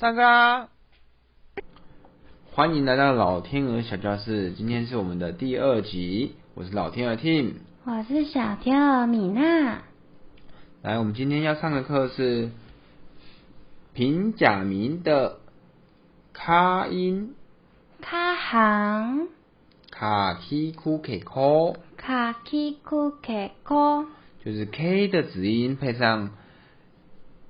大哥，歡迎來到老天鵝小教室，今天是我們的第二集。我是老天鵝 Tim 我是小天鵝米娜。來，我們今天要上的課是平假名的卡音、卡行、卡基庫克科卡基庫克科就是 K 的子音配上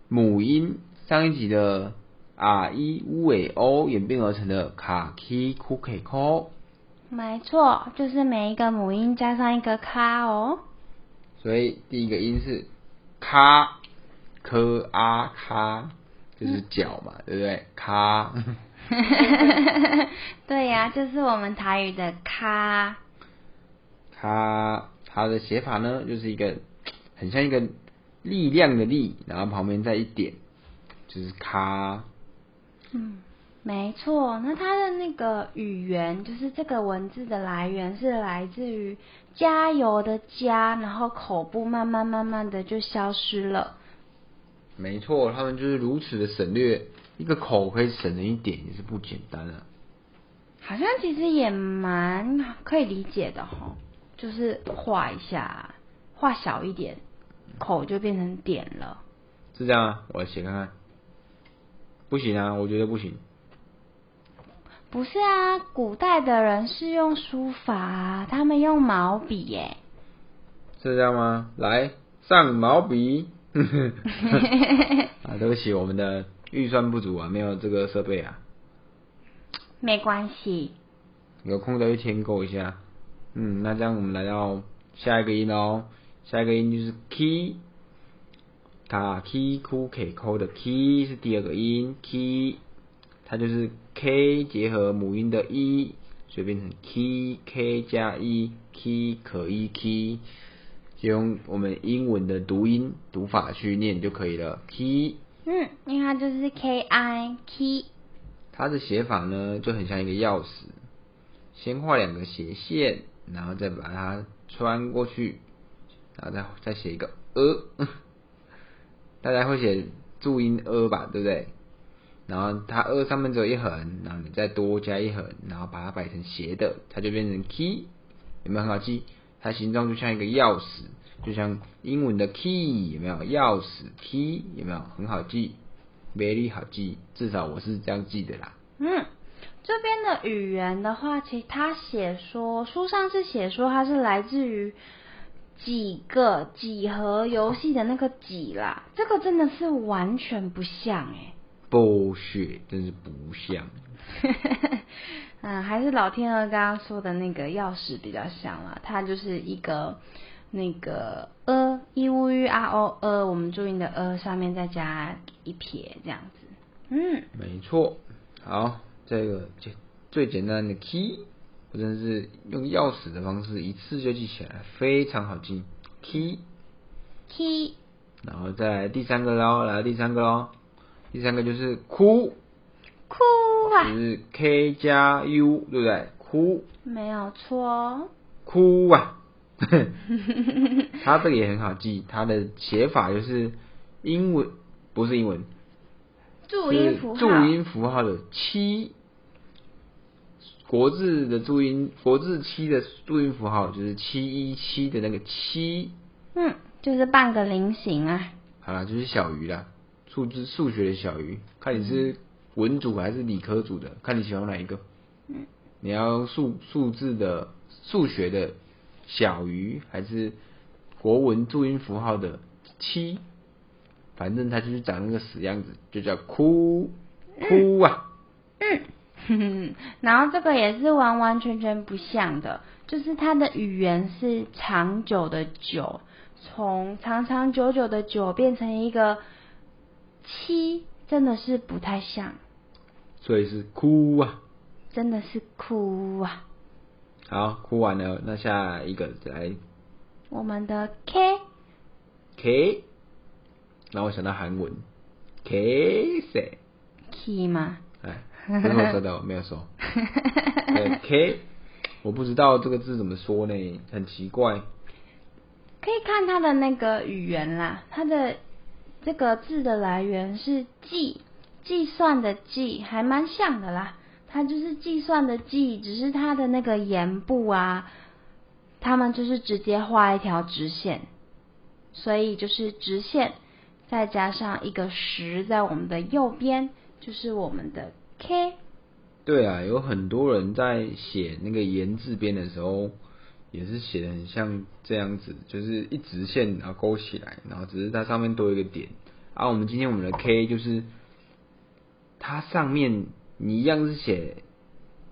母音。上一集的。啊，一烏尾歐、欸喔、演變而成的卡基庫可。沒錯，就是每一個母音加上一個卡哦。所以第一個音是卡，k a 卡，就是腳嘛，對不對？卡。 對呀、啊，就是我們台語的卡。卡，它的寫法呢，就是一個很像一個力量的力，然後旁邊再一點，就是卡。嗯，沒錯。那他的那個語言，就是這個文字的來源是來自於“加油”的“加”，然後口部慢慢慢慢的就消失了。沒錯，他們就是如此的省略一個口，可以省成一點，也是不簡單啊。好像其實也蠻可以理解的齁，就是畫一下，畫小一點，口就變成點了。是這樣啊，我來寫看看。不行啊，我覺得不行。不是啊，古代的人是用書法啊，他們用毛筆耶、欸。是這樣嗎？來，上毛筆、 啊，對不起，我們的預算不足啊，沒有這個設備啊。沒關係。有空再去添購一下。嗯，那這樣我們來到下一個音嘍，下一個音就是 KI。卡 key 可以摳的 key 是第二個音 key，它就是 k 結合母音的 e，所以變成 key k 加一 key 可以 key，就用我們英文的讀音讀法去念就可以了 key。嗯，因為它就是 k i key。它的寫法呢，就很像一個鑰匙，先畫兩個斜線，然後再把它穿過去，然後再再寫一個呃。大家會寫注音 “ㄜ” 吧，對不對？然後它 “ㄜ” 上面只有一橫，然後你再多加一橫，然後把它擺成斜的，它就變成 “key”，有沒有很好記？它形狀就像一個鑰匙，就像英文的 “key”，有沒有鑰匙 “key”？有沒有很好記？very 好記，至少我是這樣記的啦。嗯，這邊的語言的話，其實它寫說書上是寫說它是來自於。幾個幾何遊戲的那個幾啦，這個真的是完全不像哎、欸，狗血，真是不像。 嗯，還是老天鵝剛剛說的那個鑰匙比較像啦。它就是一個那個呃一 u u r o 呃，我們注音的呃上面再加一撇這樣子，嗯，沒錯，好，這個就最簡單的 key。我真是用鑰匙的方式一次就記起來，非常好記。Key，Key，然後再第三個，咯後來第三個咯，第三個，咯第三個就是哭，哭啊，就是 K 加 U，對不對？哭，沒有錯。哭啊， 他這個也很好記，他的寫法就是英文，不是英文，注音符號，注音符號的七。國字的注音，國字七的注音符號就是七一七的那個七，嗯，就是半個菱形啊。好啦，就是小魚啦，數字數學的小魚，看你是文組還是理科組的，看你喜歡哪一個。嗯，你要數數字的數學的小魚，還是國文注音符號的七？反正它就是長那個死樣子，就叫哭哭啊。嗯嗯， 然後這個也是完完全全不像的，就是它的語言是長久的久，從長長久久的久變成一個七，真的是不太像。所以是哭啊，真的是哭啊。好，哭完了，那下一個來我們的 K，K，那我想到韓文，Kiss，K 嗎？哎。 沒有收到，沒有收。OK，我不知道這個字怎麼說呢，很奇怪。可以看它的那個語言啦，它的這個字的來源是“計”，計算的“計”，還蠻像的啦。它就是計算的“計”，只是它的那個言部啊，他們就是直接畫一條直線，所以就是直線，再加上一個十在我們的右邊，就是我們的。K，對啊，有很多人在寫那個“言”字邊的時候，也是寫的很像這樣子，就是一直線然後、啊、勾起來，然後只是它上面多一個點。啊，我們今天我們的 K 就是它上面，你一樣是寫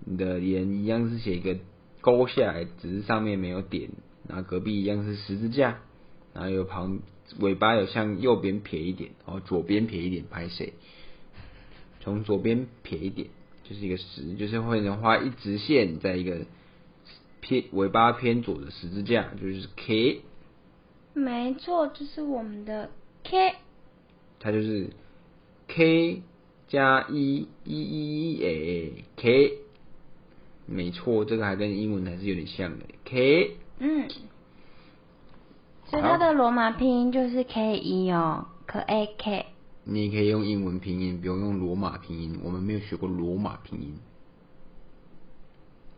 你的“言”，一樣是寫一個勾下來，只是上面沒有點，然後隔壁一樣是十字架，然後有旁尾巴有向右邊撇一點，然後左邊撇一點，拍誰？從左邊撇一點，就是一個十，就是會能畫一直線，在一個偏尾巴偏左的十字架，就是 K。沒錯，這、就是我們的 K。它就是 K 加一一一，誒 K。沒錯，這個還跟英文還是有點像的 K。嗯。所以它的羅馬拼音就是 K 一哦，可 A K。你也可以用英文拼音，比如用羅馬拼音。我們沒有學過羅馬拼音，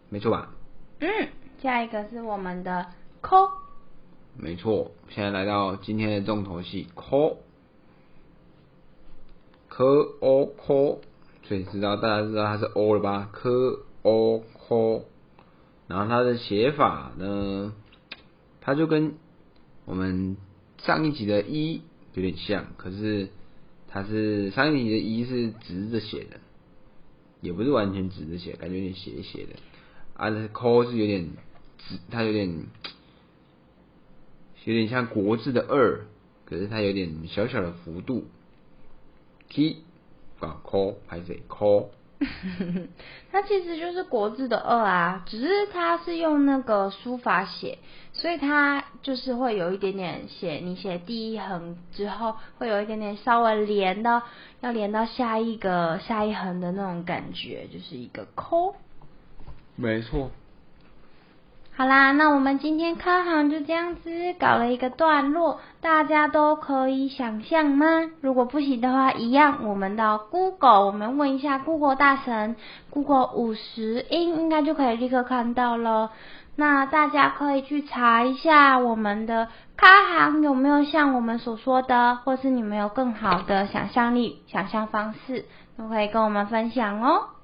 沒錯吧？嗯，下一個是我們的 ko。沒錯，現在來到今天的重頭戲 ko。ko o ko，所以知道大家知道它是 o 了吧？ko o ko，然後它的寫法呢，它就跟我們上一集的“一”有點像，可是。它是上一題的一是直着寫的，也不是完全直着寫，感覺有點斜斜的。call、啊、是有點直，它有點有點像國字的二，可是它有點小小的幅度。T，call 還是 call。呵呵呵，它其實就是國字的二啊，只是它是用那個書法寫，所以它就是會有一點點寫，你寫第一橫之後，會有一點點稍微連到要連到下一個下一橫的那種感覺，就是一個摳，沒錯。好啦，那我們今天 KA 行就這樣子搞了一個段落，大家都可以想象嗎？如果不行的話，一樣，我們到 Google，我們問一下 Google 大神，Google 五十音應該就可以立刻看到了。那大家可以去查一下我們的 KA 行有沒有像我們所說的，或是你們有更好的想象力、想象方式，都可以跟我們分享哦。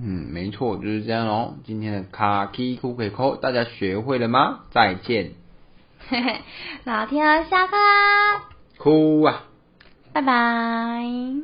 嗯，沒錯，就是這樣哦。今天的卡基哭可以摳，大家學會了嗎？再見！嘿嘿，老天鵝、啊、下課啦，哭啊，拜拜。